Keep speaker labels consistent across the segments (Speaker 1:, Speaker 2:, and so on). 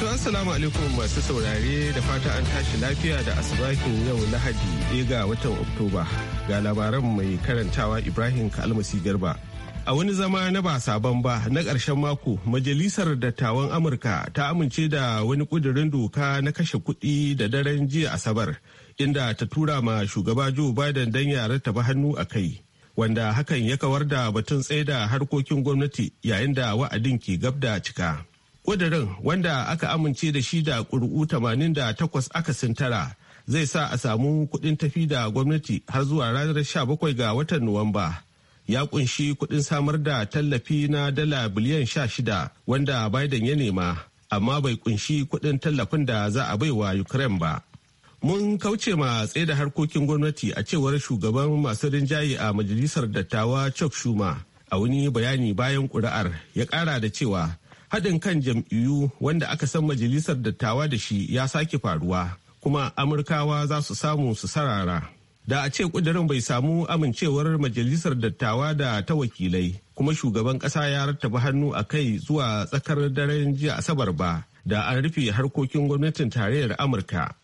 Speaker 1: To assalamu alaikum masu saurare da fata an tashi lafiya da asibakin yau lahadi ɗaya ga watan Oktoba ga labaran mai karantawa Ibrahim Kalmasi Garba. A wani zama na ba sabon ba na ƙarshen mako majalisar dattawan Amurka ta amince da wani ƙudurin doka na kashe kuɗi da daren jiya Asabar inda ta tura ma shugaba Joe Biden don ya rattaba hannu a kai. Wanda hakan ya kawar da batun tsaida harkokin gwamnati yayin da wa'adin ke gab da cika. ƙudurin wanda aka amince da shi da ƙuri'u 88 aka sintara zai sa a samu kuɗin tafi da gwamnati har zuwa ranar 17 ga watan Nuwamba. Ya kunshi kuɗin samar da tallafi na dala biliyan 16 wanda Biden ya nema, amma bai kunshi kuɗin tallafin da za a bai wa Ukraine ba. Mun kauce ma tsaye da harkokin gwamnati a cewar shugaban masu rinjaye a majalisar dattawa Chuck Schumer a wani bayani bayan ƙuri'ar ya ƙara da cewa haɗin kan jam'iyyu wanda aka san majalisar dattawa da shi ya sake faruwa kuma amurkawa za su samu su sarara da a ce ƙudurin bai samu amincewar majalisar dattawa da ta wakilai kuma shugaban ƙasa ya rattaba hannu a kai zuwa tsakar daren jiya asabar ba da an rufe harkokin gwamnatin tarayyar amurka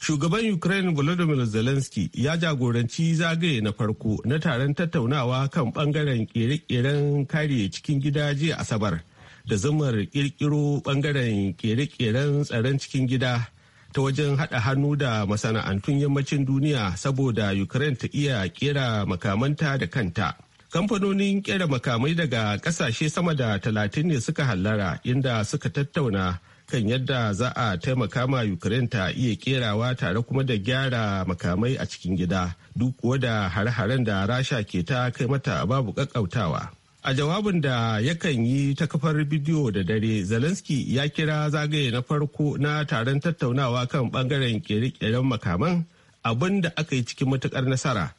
Speaker 1: shugaban ukraine volodymyr zelensky ya jagoranci zagaye na farko na taron tattaunawa kan bangaren kere-keren kare cikin gida jiya asabar da zumar kirkiro bangaren kere-keren tsaron cikin gida ta wajen haɗa hannu da masana'antun yammacin duniya saboda ukraine ta iya kera makamanta da kanta kamfanonin kera makamai daga ƙasashe sama da talatin ne suka hallara inda suka tattauna kan yadda za a taimaka ma ukraine ta iya kerawa tare kuma da gyara makamai a cikin gida duk kuwa da har haren da rasha ke ta kai mata babu kakkautawa A jawabin da yakan yi ta kafar bidiyo da dare, Zelensky ya kira zagaye na farko na taron tattaunawa kan bangaren kere-keren makaman abin da aka yi cikin matukar nasara.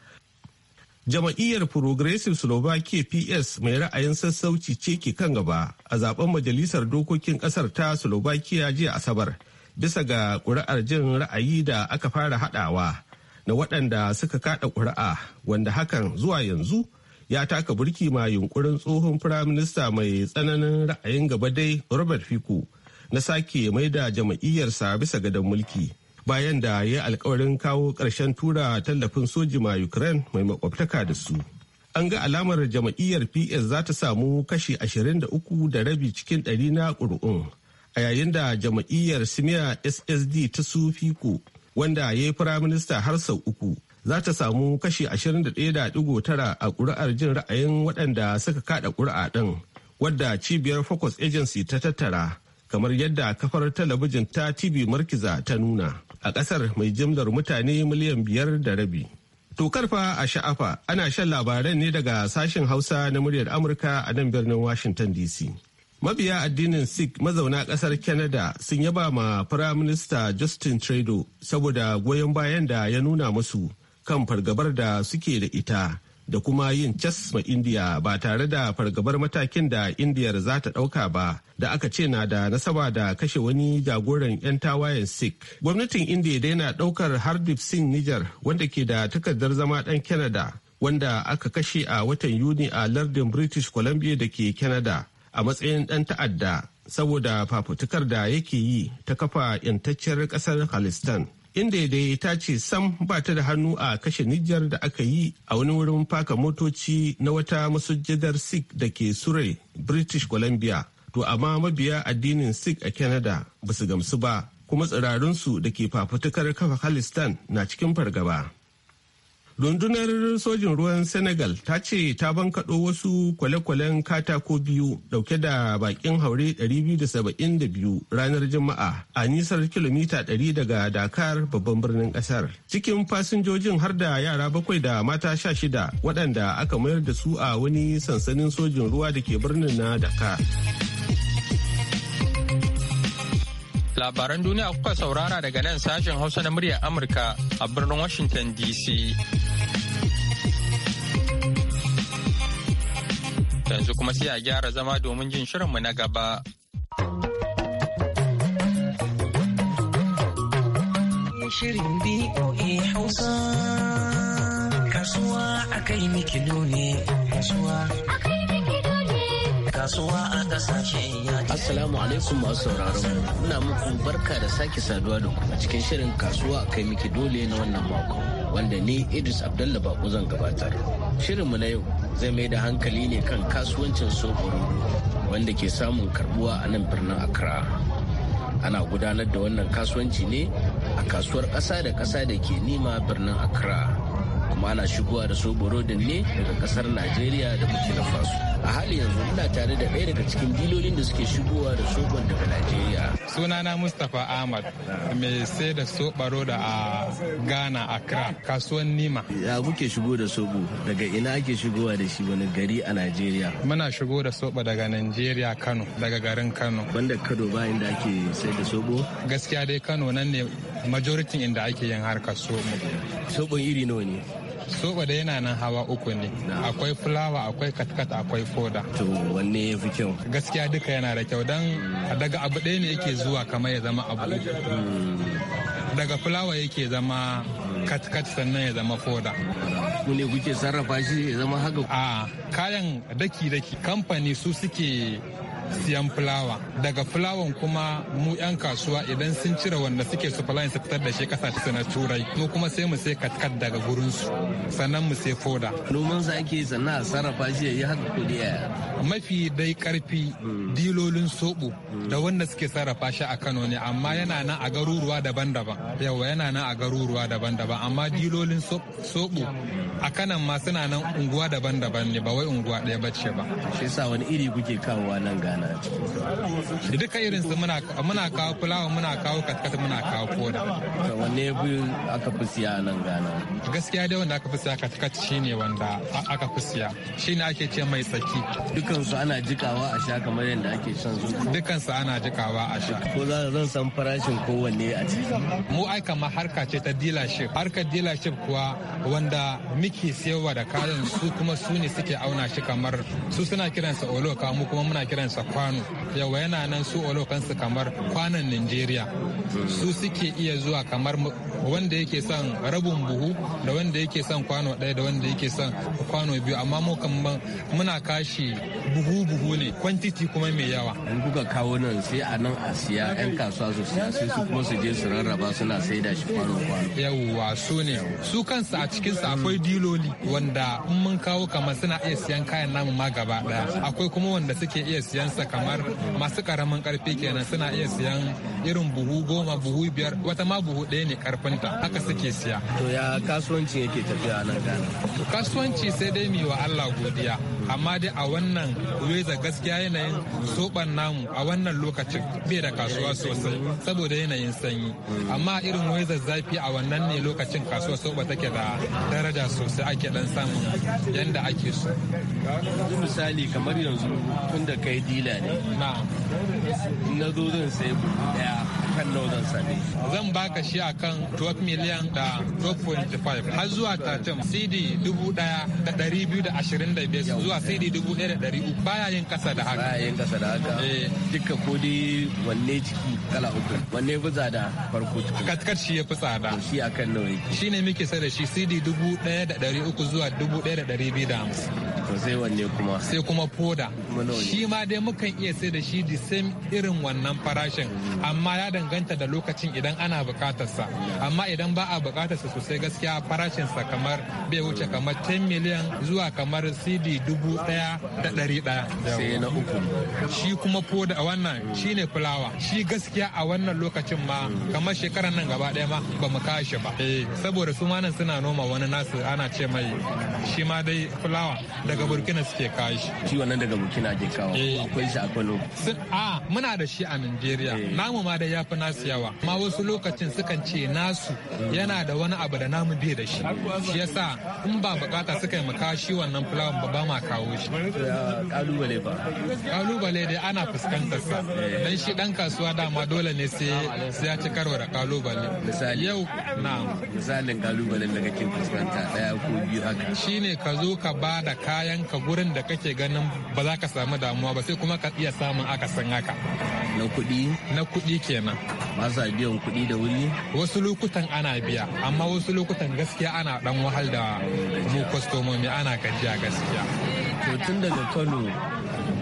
Speaker 1: Jama'iyyar Progressive Slovakia PS mai ra'ayin sassauci ce ke kan gaba a zaben majalisar dokokin kasar ta Slovakia jiya Asabar bisa ga ƙuri'ar jin ra'ayi da aka fara haɗawa na waɗanda suka kaɗa ƙuri'a wanda hakan zuwa yanzu ya taka burki ma yunkurin tsohon firaminista mai tsananin ra'ayin gaba dai robert fico na sake mai da jama'iyyarsa bisa gadon mulki bayan da ya alkawarin kawo ƙarshen tura tallafin soji ma ukraine mai makwabtaka da su an ga alamar jama'iyyar ps za ta samu kashi 23 da rabi cikin ɗari na ƙuri'un a yayin da jama'iyyar simiya ssd ta su fiko wanda ya yi firaminista har sau uku za ta samu kashi 21.9 a ƙuri'ar jin ra'ayin waɗanda suka kaɗa ƙuri'a ɗin wadda cibiyar focus agency ta tattara kamar yadda kafar talabijin ta tv markiza ta nuna a ƙasar mai jimlar mutane miliyan biyar da rabi to karfa a sha'afa ana shan labaran ne daga sashen hausa na muryar amurka a nan birnin washington dc Mabiya addinin Sikh mazauna ƙasar Canada sun yaba ma Firaminista Justin Trudeau saboda goyon bayan da ya nuna musu kan fargabar da suke da ita da kuma yin cas ma indiya ba tare da fargabar matakin da indiyar za ta ɗauka ba da aka ce na da nasaba da kashe wani jagoran 'yan tawayen sikh gwamnatin indiya dai na daukar hardip singh niger wanda ke da takardar zama dan canada wanda aka kashe a watan yuni a lardin british columbia da ke canada a matsayin dan ta'adda saboda fafutukar da yake yi ta kafa 'yantacciyar ƙasar khalistan inda dai ta ce sam ba ta da hannu a kashe Nijar da aka yi a wani wurin faka motoci na wata masujjadar Sikh da ke surai British Columbia. To amma mabiya addinin Sikh a Canada ba su gamsu ba, kuma tsirarinsu da ke fafutukar kafa halistan na cikin fargaba. rundunar sojin ruwan senegal ta ce ta bankaɗo wasu kwale-kwalen katako biyu dauke da bakin haure 272 ranar juma'a a nisar kilomita 100 daga dakar babban birnin kasar cikin fasinjojin har da yara bakwai da mata sha shida waɗanda aka mayar da su a wani sansanin sojin ruwa da ke birnin na dakar
Speaker 2: labaran duniya kuka saurara daga nan sashen hausa na muryar amurka a birnin washington dc yanzu kuma sai a gyara zama domin jin shirinmu na gaba.
Speaker 3: Shirin BOA Hausa Kasuwa a kai mikido ne
Speaker 4: Kasuwa a kasuwa a Assalamu alaikum masu sauraron mu. Muna muku barka da sake saduwa da ku a cikin shirin kasuwa kai miki dole na wannan mako. Wanda ni Idris Abdullah Bako zan gabatar. Shirinmu na yau zai mai da hankali ne kan kasuwancin soboro wanda ke samun karbuwa a nan birnin accra ana gudanar da wannan kasuwanci ne a kasuwar ƙasa da ƙasa da ke nima birnin accra kuma ana shigowa da soborodin ne daga ƙasar najeriya da burkina faso a hali yanzu muna tare da ɗaya daga cikin dilolin da suke shigowa da soban
Speaker 5: daga Najeriya. Sunana Mustapha Ahmad mai sai da sobaro da a Ghana Accra kasuwan Nima.
Speaker 4: Ya kuke shigo da sobo daga ina ake shigowa da shi wani gari a Najeriya?
Speaker 5: Muna shigo da soba daga Najeriya Kano daga garin Kano. Banda Kano ba inda ake sai da sobo? Gaskiya dai Kano nan ne majoritin inda ake yin harkar sobo. Sobon iri nawa ne? soba da yana nan hawa uku ne akwai fulawa akwai katkat akwai foda to wanne ya fi kyau gaskiya duka yana da kyau dan daga abu ɗaya ne yake zuwa kamar ya zama abu hmm. daga fulawa yake zama katkat sannan ya zama foda ku ne kuke sarrafa shi ya zama haka a kayan daki-daki kamfani su suke siyan fulawa daga fulawan kuma mu 'yan kasuwa idan sun cire wanda suke supplying su fitar da shi kasashe na turai mu kuma sai mu sai katkat daga gurinsu sannan mu sai foda noman sa ake sannan a sarrafa shi ya yi haka kudi mafi dai karfi hmm. dilolin soɓo hmm. da wanda suke sarrafa shi a kano ne amma yana nan a garuruwa daban-daban yawa yana nan a garuruwa daban-daban amma dilolin soɓo a kanan ma suna nan unguwa daban-daban ne ba wai unguwa ɗaya bace ba shi yasa wani iri kuke kawowa nan ga yana da duka irin su muna kawo fulawa muna kawo katkata muna kawo koda
Speaker 4: to wanne bi aka fi siya nan gana
Speaker 5: gaskiya dai wanda aka fi siya katkata shine wanda aka fi siya shine ake ce mai tsaki dukan su ana jikawa a sha kamar yadda ake shan su dukan su ana jikawa a sha
Speaker 4: ko za zan san farashin kowanne a ciki
Speaker 5: mu ai kamar harka ce ta dealership harkar dealership kuwa wanda muke siyarwa da kayan su kuma su ne suke auna shi kamar su suna kiransa oloka mu kuma muna kiransa kwano yawa yana nan su olofansu kamar kwanan nigeria su suke iya zuwa kamar wanda yake son rabin buhu da wanda yake son kwano ɗaya da wanda yake son kwano biyu amma mu kamar muna kashi buhu buhu ne kwantiti kuma mai yawa in kuka kawo nan sai a nan a siya yan kasuwa su siya sai su kuma su je su rarraba suna saida shi kwano kwano yawa su ne su kansu a cikin su akwai diloli wanda in mun kawo kamar suna iya siyan kayan namu ma gaba daya akwai kuma wanda suke iya siyan ƙasa kamar masu ƙaramin karfi kenan suna iya siyan irin buhu goma buhu biyar wata ma buhu ɗaya ne ta haka suke siya.
Speaker 4: To ya kasuwanci yake tafiya nan gana?
Speaker 5: Kasuwanci sai dai mi wa Allah godiya. amma dai a wannan weza gaskiya yanayin soban namu a wannan lokacin bai da kasuwa sosai saboda yanayin sanyi amma irin weza zafi a wannan ne lokacin kasuwa soba take da daraja sosai ake dan samun yanda ake so misali kamar yanzu tun da kai dila ne na zo zan sai buhu daya kan nawa zan shi zan baka shi kan 12 miliyan da 12.5 har zuwa tatin cd 1225 zuwa cd 1300 baya yin kasa da haka baya yin kasa da
Speaker 4: haka eh. duka ko dai wanne ciki kala uku wanne fi tsada farko katkar shi ya fi tsada shi a kan nawa
Speaker 5: shi ne muke sai da shi cd 1300 zuwa 1250 to
Speaker 4: sai wanne kuma sai
Speaker 5: kuma foda shi ma dai mukan iya sai da shi the same irin wannan farashin mm. amma ya danganta da lokacin idan ana bukatarsa mm. amma idan ba a bukatarsa sosai gaskiya farashinsa kamar bai wuce mm. kamar 10 miliyan zuwa kamar cd dubu daya da dari daya sai na uku shi kuma foda a wannan shi ne fulawa shi gaskiya a wannan lokacin ma kamar shekarar nan gaba daya ma ba mu kawo shi ba eh. saboda su ma nan suna noma wani nasu ana ce mai shi ma dai fulawa daga burkina suke kawo shi shi wannan daga burkina ke kawo eh. akwai shi a kwano a muna da shi a nigeria eh. namu ma da yafi nasu yawa ma wasu lokacin sukan ce nasu mm. yana da wani abu da namu bai da shi shi yasa in ba bukata suka yi mu kawo shi wannan fulawan ba ma kawo shi kalubale ba kalubale dai ana fuskantar sa eh. dan shi dan kasuwa dama dole ne sai ya ci karo da kalubale misali yau na misalin kalubale da kake fuskanta daya ko biyu haka shine ka zo ka ba da kaya kayan ka gurin da kake ganin ba za ka samu damuwa ba sai kuma ka iya samun akasin haka na kuɗi na kuɗi kenan ba sa biyan kuɗi da wuri wasu lokutan ana biya amma wasu lokutan gaskiya ana dan wahal da mu kwastomomi ana gajiya gaskiya
Speaker 4: to tun daga kano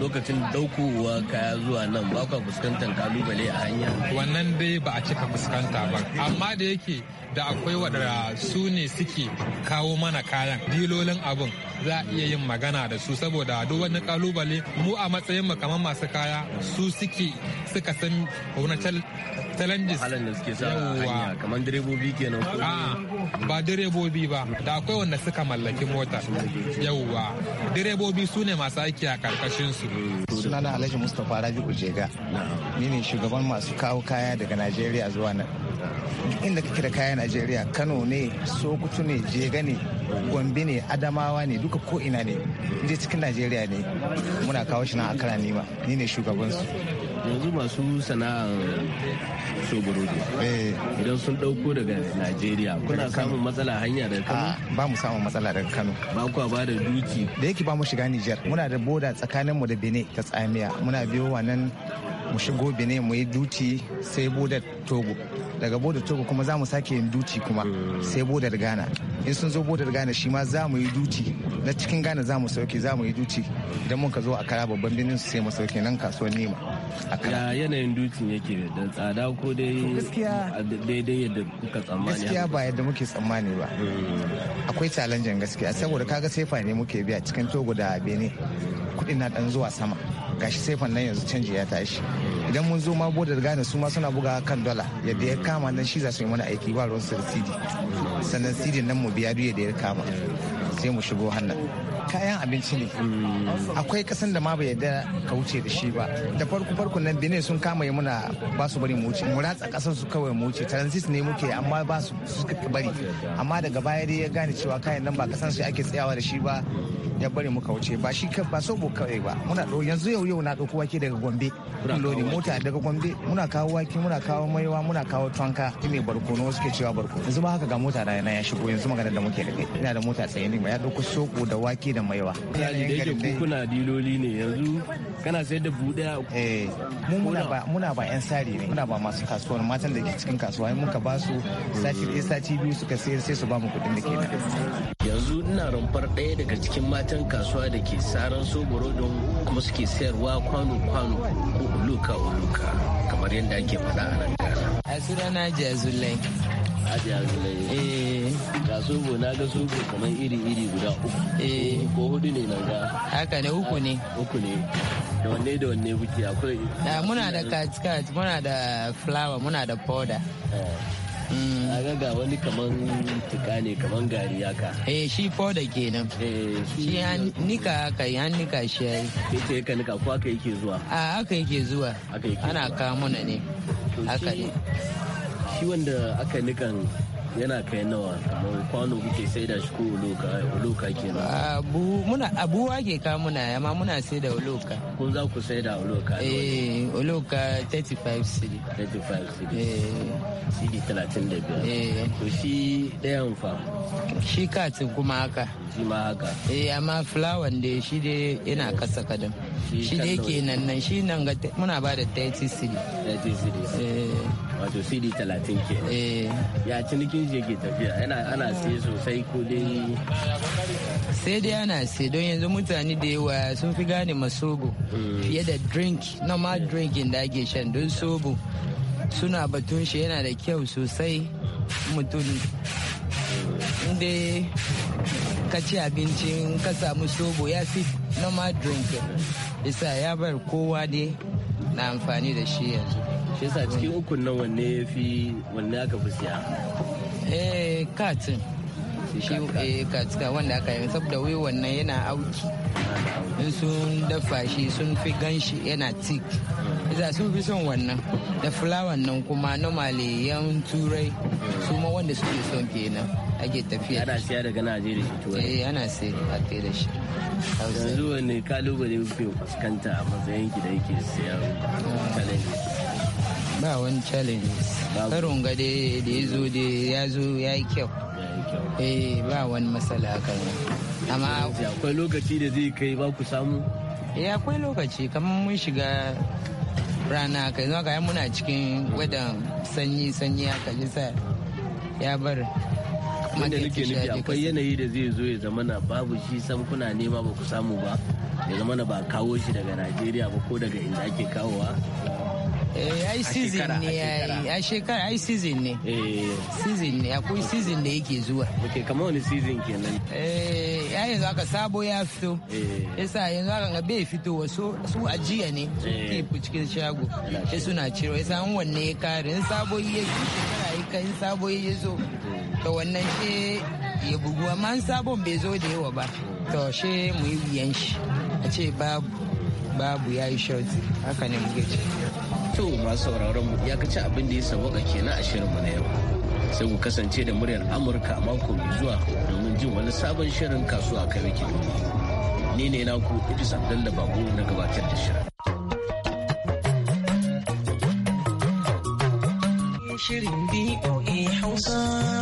Speaker 4: lokacin daukowa kaya zuwa nan ba kwa
Speaker 5: fuskantar kalubale a hanya wannan dai ba a cika fuskanta ba amma da yake da akwai waɗanda su ne suke kawo mana kayan dilolin abin za a iya yin magana da su saboda duk wani kalubale mu a matsayin mu kamar masu kaya su suke suka san challenges wahalan da sa hanya kamar direbobi kenan ko ah, ba direbobi ba da akwai wanda suka mallaki mota yauwa direbobi su ne masu aiki a karkashin su sunana
Speaker 6: alhaji mustapha rabi'u jega ni ne shugaban masu kawo kaya daga najeriya zuwa nan inda kake da kaya najeriya kano ne sokoto ne jega ne gombe ne adamawa ne duka ko ina ne inda cikin najeriya ne muna kawo shi nan akara nima ni ne shugabansu yanzu masu
Speaker 4: sana'ar shogoro eh. idan sun dauko daga najeriya kuna samun matsala hanya daga kano ah, ba mu samun matsala daga kano ba kuwa ba da duki
Speaker 6: da yake ba mu shiga Nijar muna da boda tsakanin mu da benin ta tsamiya muna biyo wannan mu shigo benin mu yi duti sai bodar togo daga bodar togo kuma za mu sake yin duti kuma sai bodar ghana in sun zo bodar ghana shi ma za mu yi duti na cikin ghana za mu sauke za mu yi duti idan ka zo a kara babban birnin su sai mu sauke nan kasuwar nema
Speaker 4: ya yanayin dutin yake da tsada ko dai daidai yadda kuka tsammani gaskiya ba
Speaker 6: yadda muke tsammani ba akwai challenge gaskiya saboda kaga sefa ne muke biya cikin togo da benin kuɗin na dan zuwa sama gashi sai nan yanzu canji ya tashi idan mun zo ma bodar gane su ma suna buga kan dola yadda ya kama nan shi za su yi mana aiki ba ruwan sidi sannan sidin nan mu biya duk yadda ya kama sai mu shigo hannun kayan abinci ne akwai kasan da ma bai yarda ka wuce da shi ba da farko farko nan benin sun kama yi muna ba su bari mu wuce mu ratsa kasar su kawai mu wuce transit ne muke amma ba su suka bari amma daga baya dai ya gane cewa kayan nan ba kasan su ake tsayawa da shi ba ya bari muka wuce ba shi ka ba so mu kawai ba muna ɗau yanzu yau yau na ɗauko wake daga gombe lodi mota daga gombe muna kawo wake muna kawo maiwa muna kawo tonka mai barkono suke cewa barkono yanzu ba haka ga mota da na ya shigo yanzu magana da muke da kai ina da mota tsaye ne ya ɗauko soko da wake da maiwa. kuna diloli ne yanzu kana sayar da buhu daya. Eh muna ba yan sari ne muna ba masu kasuwar matan da ke cikin kasuwa in muka ba su sati ɗaya sati biyu suka sayar sai su ba mu kuɗin da ke nan.
Speaker 4: Yanzu ina rumfar ɗaya daga cikin matan kasuwa da ke saran soboro don kuma suke sayarwa kwano-kwano ko uluka-uluka kamar yadda ake faɗa a nan
Speaker 7: Ghana. Jazulai.
Speaker 4: Ajiye zulai eh. ga sobo na ga sobo kamar iri iri guda uku eh. ko hudu ne na ga
Speaker 7: haka ne uku ne
Speaker 4: uku ne da wanne da wanne kuke akwai eh, muna da
Speaker 7: kaci muna da flower muna da powder
Speaker 4: mm. ga ga wani kaman tuka ne kaman gari haka.
Speaker 7: Eh shi foda
Speaker 4: kenan. nan. shi an nika
Speaker 7: haka an nika shi yayi.
Speaker 4: yi ka nika ko haka yake zuwa?
Speaker 7: A ah, haka yake zuwa. Ana kawo mana ne. Haka ne.
Speaker 4: shi wanda aka nikan yana kai nawa kamar kwano kuke sai da shi ko oloka oloka kenan abu
Speaker 7: muna abuwa ke ka muna amma muna sai da oloka ko za ku sai da oloka eh oloka 35 cedi 35 cedi eh cedi 35 eh ko shi dayan fa shi katin kuma haka shi ma haka eh amma flower da shi dai yana kasa kadan shi dai kenan nan nan shi nan ga muna ba da 30 cedi
Speaker 4: 30 cedi eh wato cedi 30 ke eh ya ci nikin canji ke tafiya yana ana sai sosai ko dai
Speaker 7: sai dai ana sai don yanzu mutane da yawa sun fi gane masobo hmm. fiye da drink normal drink da ake shan don sobo suna batun shi yana da kyau sosai mutum inda ka ci abincin ka samu sobo ya fi normal drink isa ya bar kowa dai na amfani da shi yanzu shi yasa cikin ukun nan wanne ya
Speaker 4: fi wanne aka fi siya
Speaker 7: katin eh, shi katika eh, wanda aka yi saboda wai wannan yana auki in sun dafa shi sun fi ganshi yana tik za sun fi son wannan da fulawan nan kuma normally yan turai su ma wanda suke son kenan ake tafiya ana siya daga najeriya turai eh ana siya a kai da shi
Speaker 4: yanzu wani kalubale kuke fuskanta a matsayin ki da yake siya challenge
Speaker 7: ba wani challenge karon gade da ya zo da ya zo ya yi kyau eh ba wani matsala kan amma akwai lokaci da zai kai
Speaker 4: ba ku samu
Speaker 7: eh akwai lokaci kamar mun shiga rana kai zuwa kayan muna cikin wadan sanyi sanyi a kalisa ya bar wanda nake nufi akwai
Speaker 4: yanayi da zai zo ya zama na babu shi sam kuna nema ba ku samu ba ya zama na ba kawo shi daga najeriya ba ko daga inda ake kawowa eh ai season
Speaker 7: ne ai shekara ai season ne eh. season ne akwai season da yake zuwa okay kamar wani season kenan eh ya yanzu aka sabo ya fito eh. yasa yanzu aka ga bai fito wasu su ajiya ne su eh. ke cikin shago sai suna ciro yasa an wanne ya kare in sabo ya shekara ya kai sabo ya zo to wannan shi ya bugu amma sabon bai zo da yawa ba to shi mu yi biyan shi a ce babu babu ya yi shauti haka ne muke ce To
Speaker 4: masu sauraron mu ya kaci abin da ya sauwaka kenan a shirinmu na yau. Sai ku kasance da muryar Amurka a mako mai zuwa domin jin wani sabon shirin kasuwa kai wiki. Ni ne naku Idris Abdullah babu na gabatar da shirin.
Speaker 3: Shirin BOA Hausa.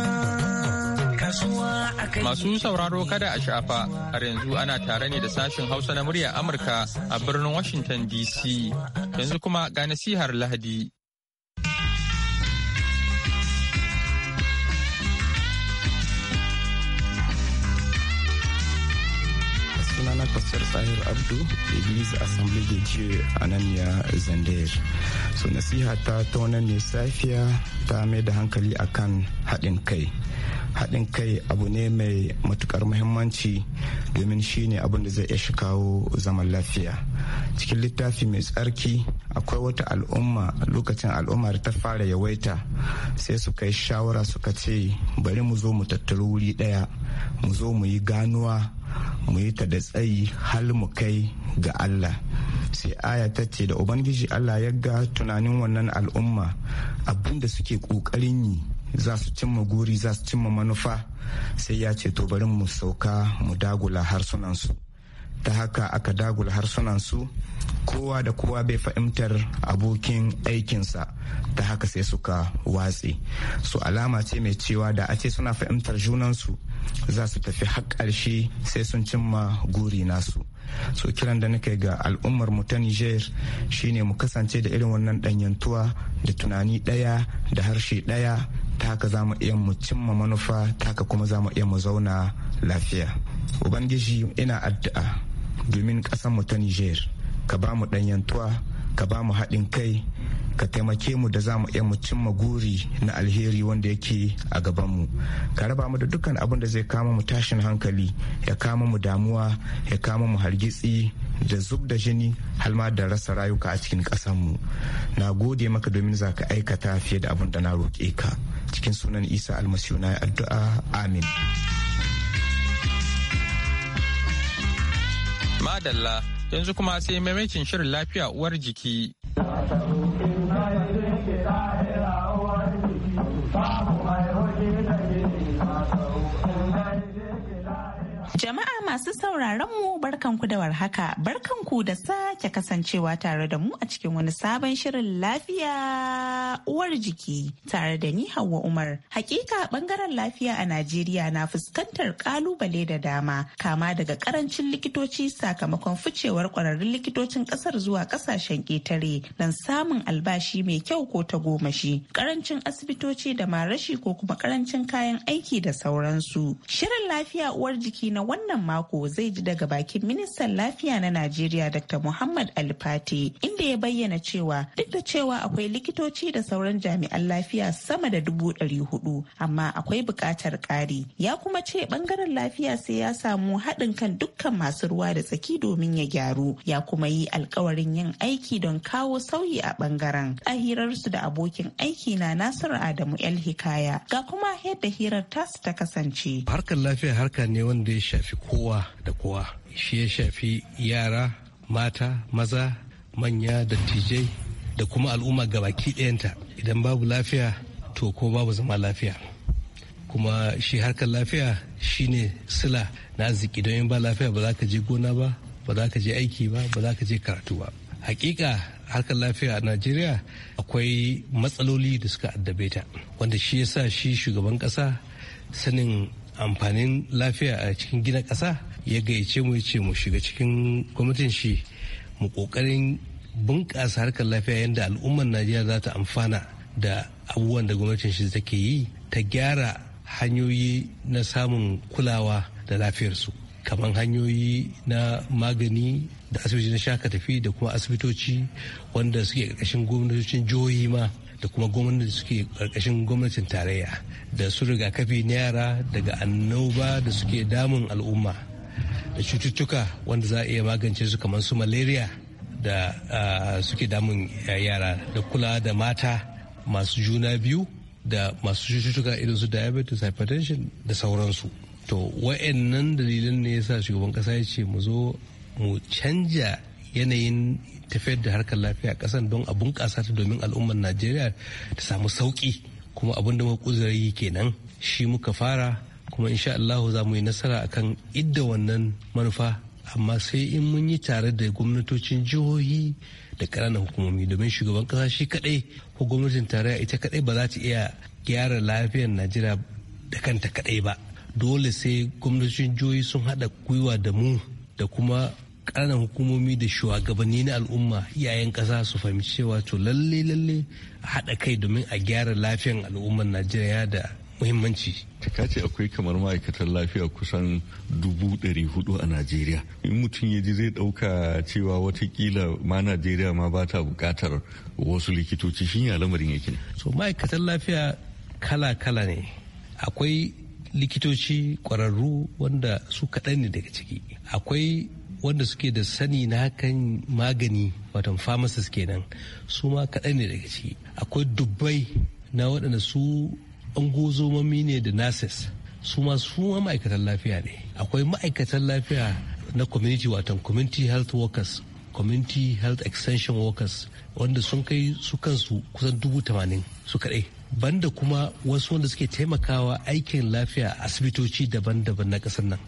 Speaker 3: Masu
Speaker 2: sauraro kada a shafa, har yanzu ana tare ne da sashen Hausa na murya Amurka a birnin Washington DC. Yanzu kuma ga nasihar Lahadi. sunana pastor
Speaker 8: sahir abdu eglise assembly da ce a nan ya zandar so nasiha ta ta wannan ne safiya ta mai da hankali akan haɗin kai haɗin kai abu ne mai matukar muhimmanci domin shi ne abin da zai iya kawo zaman lafiya cikin littafi mai tsarki akwai wata al'umma lokacin al'umma da ta fara yawaita sai su kai shawara suka ce bari mu zo mu tattaro wuri ɗaya mu zo mu yi ganuwa mu yi ta da tsayi hal mu kai ga Allah sai aya ta ce da ubangiji Allah ya ga tunanin wannan al'umma abinda suke ƙoƙarin yi za su cimma guri za su cimma manufa sai ya ce to bari mu sauka mu dagula harsunansu ta haka aka dagula harsunansu kowa da kowa bai fahimtar abokin aikinsa ta haka sai suka watse su alama ce mai cewa da a ce suna fahimtar junansu za su tafi haƙarshe sai sun cimma guri nasu so kiran da nake ga al'ummar mu ta niger shine mu kasance da irin wannan ɗanyantuwa da tunani ɗaya da harshe ɗaya ta ka za mu iya mu cimma manufa ta ka kuma za mu iya mu zauna lafiya ubangiji ina addu'a domin ƙasar mu ta niger ka ba mu tuwa ka ba mu haɗin kai ka taimake mu da za mu iya mu cimma guri na alheri wanda yake a gaban mu ka raba mu da dukkan abin da zai kama mu tashin hankali ya kama mu damuwa ya kama mu hargitsi da zub da jini halma da rasa rayuka a cikin ƙasanmu na gode maka domin za ka aikata fiye da abin da na roƙe ka cikin sunan isa almasiyu na addu'a amin
Speaker 2: madalla yanzu kuma sai maimakin shirin lafiya uwar jiki
Speaker 3: Jama'a masu sauraron mu barkanku da warhaka, barkanku da sake kasancewa tare da mu a cikin wani sabon shirin lafiya uwar jiki tare da ni Hauwa Umar. Hakika bangaren lafiya a Najeriya na fuskantar kalubale da dama, kama daga karancin likitoci sakamakon ficewar kwararrun likitocin kasar zuwa kasashen ƙetare don samun albashi mai kyau ko ta gomashi, karancin asibitoci da ma rashi ko kuma karancin kayan aiki da sauransu. Shirin lafiya uwar jiki na wannan mako zai ji daga bakin ministan lafiya na Najeriya Dr. Muhammad Alfati inda ya bayyana cewa duk da cewa akwai likitoci da sauran jami'an lafiya sama da dubu ɗari hudu amma akwai buƙatar ƙari. Ya kuma ce ɓangaren lafiya sai ya samu haɗin kan dukkan masu ruwa da tsaki domin ya gyaru. Ya kuma yi alkawarin yin aiki don kawo sauyi a ɓangaren. A hirarsu da abokin aiki na Nasiru Adamu El Hikaya. Ga kuma yadda hirar tasu ta kasance.
Speaker 9: Harkar lafiya harka ne wanda ya shafi kowa da kowa shi ya shafi yara mata maza manya dattijai da kuma al'umma gabaki ɗayanta idan babu lafiya to ko babu zama lafiya kuma shi harkar lafiya shine sila na arziki don in ba lafiya ba za ka je gona ba ba za ka je aiki ba ba za ka je karatu ba hakika harkar lafiya a najeriya akwai matsaloli da suka addabe ta wanda shi yasa shi shugaban kasa sanin amfanin lafiya a cikin gina ƙasa ya gayyace mu ce mu shiga cikin kwamitin shi mu ƙoƙarin bunƙasa harkar lafiya yadda al'ummar najeriya za ta amfana da abubuwan da gwamnatin shi take yi ta gyara hanyoyi na samun kulawa da lafiyarsu kamar hanyoyi na magani da asibiti na shaka tafi da kuma asibitoci wanda suke ƙarƙashin gwamnatocin jihohi ma da kuma gwamnati suke karkashin gwamnatin tarayya da su rigakafi na yara daga annoba da suke damun al'umma da cututtuka wanda za a iya magance su kamar su malaria da suke damun yara da kula da mata masu juna biyu da masu cututtuka irin su diabetes hypertension da sauransu to wa'annan dalilan ne yasa shugaban kasa ya ce mu zo mu canja yanayin tafiyar da harkar lafiya a ƙasar don a bunƙasa ta domin al'ummar najeriya ta samu sauƙi kuma abin da muka yi kenan shi muka fara kuma insha Allah za mu yi nasara akan idda wannan manufa amma sai in mun yi tare da gwamnatocin jihohi da ƙananan hukumomi domin shugaban ƙasa shi kaɗai ko gwamnatin tarayya ita kaɗai ba za ta iya gyara lafiyar najeriya da kanta kaɗai ba dole sai gwamnatocin jihohi sun haɗa gwiwa da mu da kuma ƙananan hukumomi da shugabanni na al'umma iyayen ƙasa su fahimci cewa to lalle lalle haɗa kai domin a gyara lafiyan al'ummar najeriya da muhimmanci.
Speaker 10: ta ce akwai kamar ma'aikatar lafiya kusan dubu ɗari hudu a Najeriya. In mutum ya ji zai ɗauka cewa watakila ma Najeriya ma ba ta buƙatar wasu likitoci shi ya lamarin yake ne. So ma'aikatan lafiya kala-kala ne. Akwai
Speaker 9: likitoci ƙwararru wanda su kaɗan ne daga ciki akwai wanda suke da sani na kan magani watan pharmacist kenan su ma kaɗan ne daga ciki akwai dubbai na waɗanda su angozomami ne da nurses su ma su ma ma'aikatan lafiya ne akwai ma'aikatan lafiya na community watan community health workers community health extension workers wanda sun kai su kansu kusan dubu tamanin su kaɗai banda kuma wasu wanda suke taimakawa aikin lafiya asibitoci daban-daban na ƙasar nan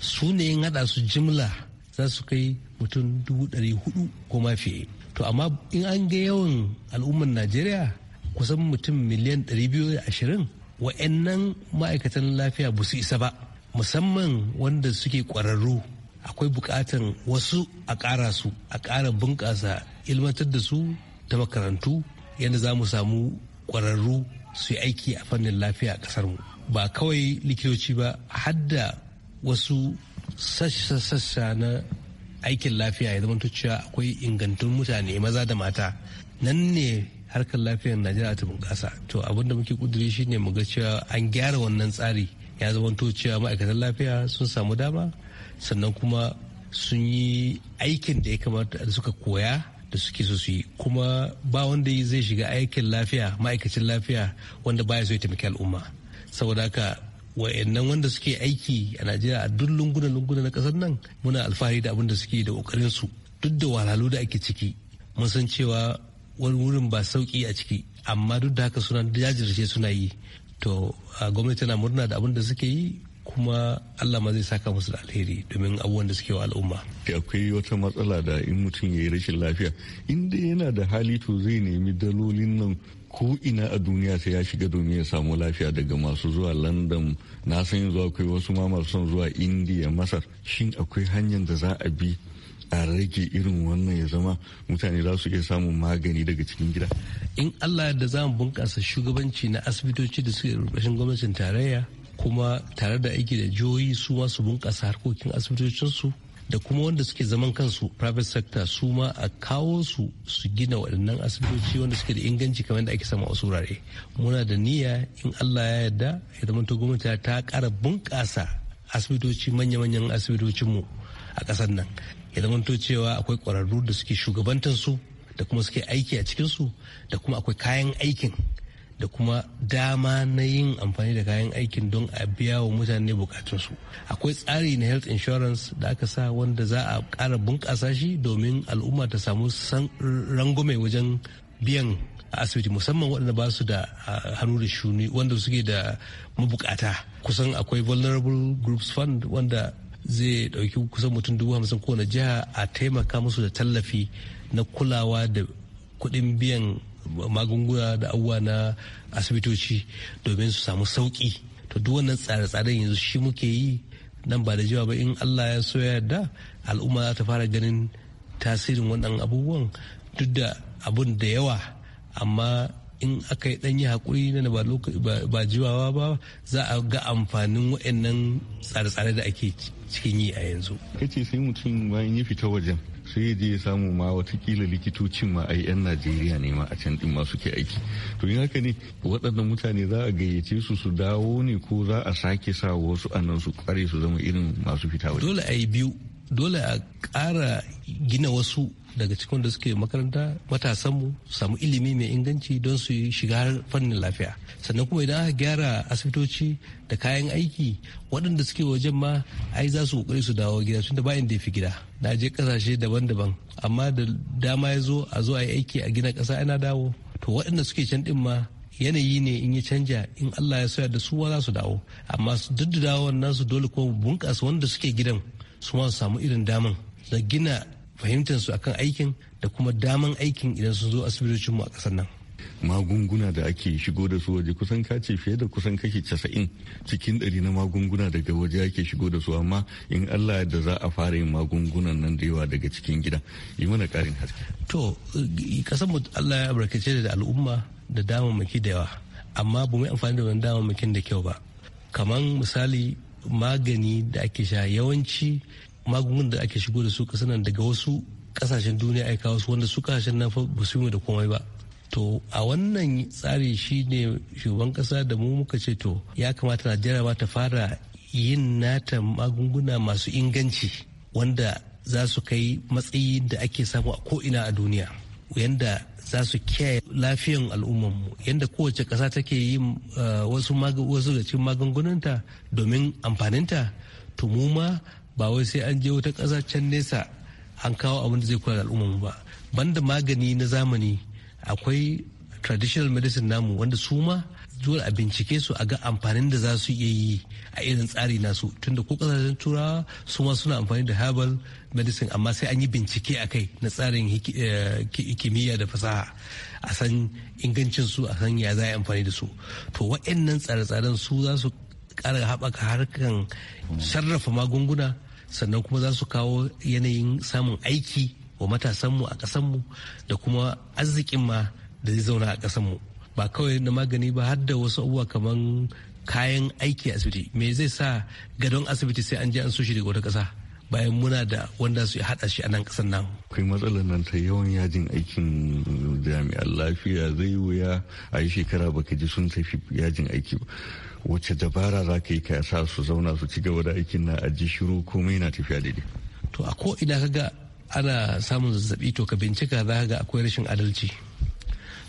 Speaker 9: su ne yin haɗa su jimla za su kai mutum dubu dari hudu ko ma fiye to amma in an ga yawan al'ummar najeriya kusan mutum miliyan dari biyu da ashirin wa'annan ma'aikatan lafiya ba su isa ba musamman wanda suke kwararru akwai bukatan wasu a kara su a kara bunƙasa ilmantar da su ta makarantu yadda za mu samu Kwararru su yi aiki a fannin lafiya a mu ba kawai likitoci ba hadda wasu sassa na aikin lafiya ya zama cewa akwai ingantun mutane maza da mata nan ne harkar lafiyar najeriya ta bunƙasa to abin da muke kudure shine mu ga cewa an gyara wannan tsari ya zama cewa ma'aikatan lafiya sun samu dama sannan kuma sun yi aikin da ya kamata suka koya da suke so su yi kuma ba wanda zai shiga aikin lafiya ma'aikacin lafiya wanda baya so ya taimaki al'umma saboda haka wa'annan wanda suke aiki a najeriya a duk lunguna-lunguna na kasar nan muna alfahari da abin da suke da kokarin su duk da wahalhalu da ake ciki mun san cewa wani wurin ba sauki a ciki amma duk da haka suna jajirce suna yi to gwamnati tana murna da abin da suke
Speaker 10: yi kuma Allah ma zai saka musu da alheri domin abubuwan da suke wa al'umma. Eh, akwai wata matsala da in mutum ya yi rashin lafiya inda yana da hali to zai nemi dalolin nan ko ina a duniya sai ya shiga domin ya samu lafiya daga masu zuwa london na san yanzu akwai wasu ma masu son zuwa indiya masar shin akwai hanyar da za a bi a rage irin wannan ya zama mutane za su iya samun magani daga cikin gida in allah da za mu bunƙasa shugabanci na asibitoci da suke rubashin gwamnatin tarayya kuma
Speaker 9: tare da aiki da jihohi su ma su bunƙasa harkokin asibitocinsu da kuma wanda suke zaman kansu private sector su ma a kawo su su gina waɗannan asibitoci wanda suke da inganci kamar da ake sama wasu wurare muna da niyya in allah ya yarda ya zama ta gwamnati ta ƙara bunƙasa asibitoci manya-manyan asibitocinmu a ƙasar nan ya zama cewa akwai ƙwararru da suke shugabantar su da kuma suke aiki a cikinsu da kuma akwai kayan aikin da kuma dama na yin amfani da kayan aikin don a biya wa mutane bukatunsu akwai tsari na health insurance da aka sa wanda za a ƙara bunƙasa shi domin al'umma ta samu rangume wajen biyan a asibiti musamman waɗanda ba su da hannu da shuni wanda suke da mabukata kusan akwai vulnerable groups fund wanda zai ɗauki kusan mutum dubu hamsin kowane jiha a taimaka musu da tallafi na kulawa da kuɗin biyan magunguna da abubuwa na asibitoci domin su samu sauki to duk wannan tsare-tsaren yanzu shi muke yi nan ba da jiwa ba in allah ya so ya al'umma za ta fara ganin tasirin wannan abubuwan duk da abun da yawa amma in aka yi ɗanyi haƙuri na ba, ba jiwawa ba za a ga amfanin waɗannan tsare-tsare da ake cikin yi a yanzu.
Speaker 10: kace sai mutum bayan ya fita wajen sai je ya samu ma watakila likitocin ma aiyan 'yan najeriya ne ma a can din ma suke aiki to yin haka ne waɗannan mutane za a gayyace su su dawo ne ko za a sake sa wasu nan su kware su zama irin masu fita waje
Speaker 9: dole a yi biyu dole a ƙara gina wasu daga cikin da suke makaranta matasanmu su samu ilimi mai inganci don su yi shiga fannin lafiya sannan kuma idan aka gyara asibitoci da kayan aiki waɗanda suke wajen ma ai za su kokari su dawo gida tunda bayan da fi gida na je kasashe daban-daban amma da dama ya zo a zo a yi aiki a gina ƙasa ana dawo to waɗanda suke can ɗin ma yanayi ne in ya canja in Allah ya soya da su za su dawo amma duk da dawowar nasu dole ko bunƙasa wanda suke gidan su ma su samu irin daman da gina su akan aikin da kuma daman aikin idan sun zo asibitocinmu a ƙasar nan.
Speaker 10: magunguna da ake shigo da su waje kusan kace fiye da kusan kashi casa'in cikin ɗari na magunguna daga waje ake shigo da su amma in allah da za a fara yin magungunan nan da yawa daga cikin gida yi mana ƙarin haske to kasan allah ya barkace da al'umma
Speaker 9: da damammaki da yawa amma ba mu amfani da wani damammakin da kyau ba kamar misali magani da ake sha yawanci Magungun da ake shigo da su ƙasar daga wasu ƙasashen duniya aika wasu wanda su kasashen nan fa ba su yi da komai ba to a wannan tsari shi ne shugaban ƙasa da mu muka ce to ya kamata najeriya ma ta fara yin nata magunguna masu inganci wanda za su kai matsayi da ake samu a ko'ina a duniya yanda za su kiyaye lafiyan al'ummanmu yadda kowace ƙasa take yin eh, wasu wasu cikin magungunanta domin amfaninta to mu ma ba wai sai an je wata ƙasa can nesa an kawo abin da zai kula da al'ummarmu ba banda magani na zamani akwai traditional medicine namu wanda su ma dole a bincike su a ga amfanin da za su iya yi a irin tsari nasu tunda ko kasashen turawa su ma suna amfani da herbal medicine amma sai an yi bincike a kai na tsarin eh, kimiyya da fasaha a san ingancin su a san ya za a amfani da su to waɗannan tsare-tsaren su za su kara haɓaka harkan sarrafa magunguna sannan kuma za su kawo yanayin samun aiki wa matasanmu a ƙasanmu da kuma arzikin ma da zai zauna a ƙasanmu ba kawai na magani ba har da wasu abubuwa kamar kayan aiki a asibiti me zai sa gadon asibiti sai an je an so shi daga wata ƙasa bayan muna da wanda su haɗa shi a nan ƙasar nan.
Speaker 10: Kai matsalar nan ta yawan yajin aikin jami'an lafiya zai wuya a yi shekara baka ji sun tafi yajin aiki ba. Wace dabara za ka yi ka sa su zauna su ci gaba da aikin na aji shiru komai na tafiya daidai. To a ko ina kaga
Speaker 9: ana samun zazzabi to ka bincika za ga akwai rashin adalci.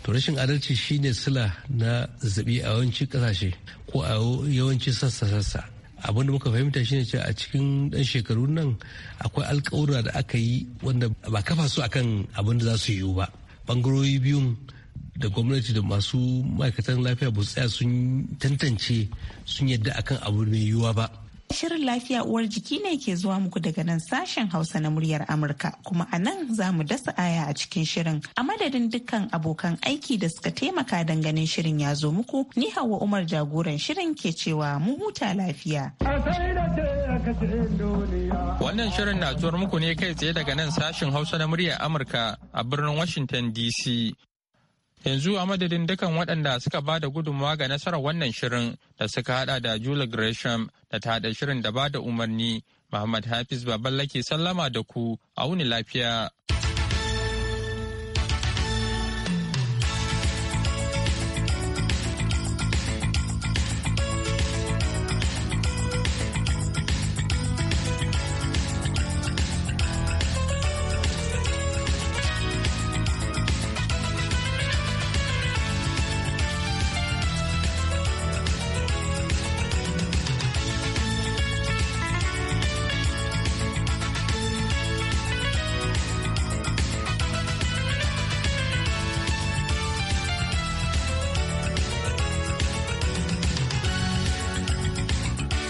Speaker 9: to rashin adalci shine sila na zazzabi a yawancin kasashe ko a yawancin sassa-sassa abin da muka fahimta shine cewa a cikin dan shekaru nan akwai alkawura da aka yi wanda ba kafa su akan abin da za su yiwu ba bangarori biyun da gwamnati da masu ma'aikatan lafiya ba su tsaya sun tantance sun yadda akan abu mai yiwuwa ba
Speaker 3: Shirin lafiya uwar jiki ne ke zuwa muku daga nan sashen Hausa na muryar Amurka kuma a nan za mu dasa aya a cikin shirin. A madadin dukkan abokan aiki da suka taimaka don ganin shirin ya zo muku ni Hauwa Umar jagoran shirin ke cewa mu huta lafiya.
Speaker 2: Wannan shirin na zuwar muku ne kai tsaye daga nan sashen Hausa na muryar Amurka a birnin Washington DC Yanzu a madadin dukan waɗanda suka ba da gudunmawa ga nasarar wannan shirin da suka hada da Julie Gresham da ta hada shirin da ba da umarni, Muhammad Hafiz Baballake sallama da ku, a wuni lafiya.